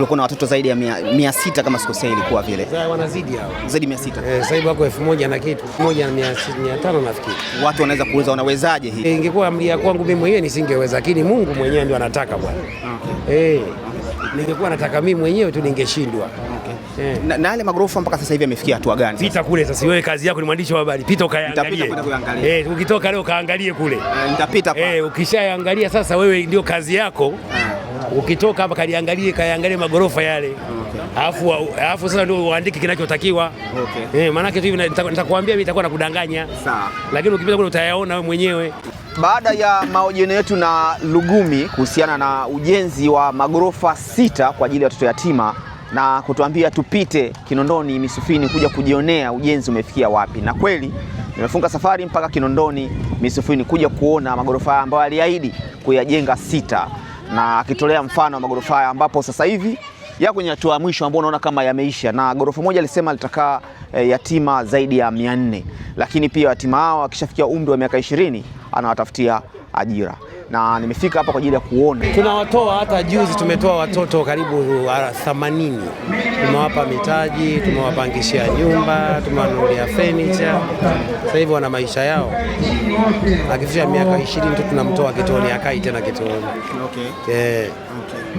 kulikuwa na watoto zaidi ya mia, mia sita kama sikosea, ilikuwa vile wanazidi hao zaidi mia sita eh, sasa hivi wako elfu moja na kitu moja na mia tano nafikiri. Watu wanaweza kuuza, wanawezaje hivi? Eh, ingekuwa amri ya kwangu mimi mwenyewe nisingeweza, lakini Mungu mwenyewe ndio anataka bwana. Eh, ningekuwa nataka mimi mwenyewe tu ningeshindwa. Okay. Eh. Na yale magorofa mpaka sasa hivi yamefikia hatua gani? Pita kule sasa, wewe kazi yako ni mwandishi wa habari, pita ukaangalie. Eh, ukitoka leo kaangalie kule. Eh, nitapita. Eh, ukishaangalia sasa, wewe ndio kazi yako ukitoka hapa kaliangalie kaangalie magorofa yale, alafu okay. Alafu sasa ndio uandike kinachotakiwa okay. Eh, maanake tu hivi nitakwambia mimi itakuwa nakudanganya sawa, lakini ukipita kule utayaona wewe mwenyewe. Baada ya mahojiano yetu na Lugumi kuhusiana na ujenzi wa magorofa sita kwa ajili ya watoto yatima na kutuambia tupite Kinondoni Misufini kuja kujionea ujenzi umefikia wapi, na kweli nimefunga safari mpaka Kinondoni Misufini kuja kuona magorofa ambayo aliahidi kuyajenga sita na akitolea mfano wa magorofa haya ambapo sasa hivi ya kwenye hatua ya mwisho ambao unaona kama yameisha, na gorofa moja alisema litakaa e, yatima zaidi ya 400 lakini pia yatima hao akishafikia umri wa miaka 20 anawatafutia ajira na nimefika hapa kwa ajili ya kuona. Tunawatoa hata juzi tumetoa watoto karibu 80 ah, tumewapa mitaji, tumewapangishia nyumba, tumewanunulia furniture. Sasa hivi wana maisha yao, akifikia miaka 20 tu tunamtoa kituoni, akai tena kituoni. Okay. Yeah. Okay.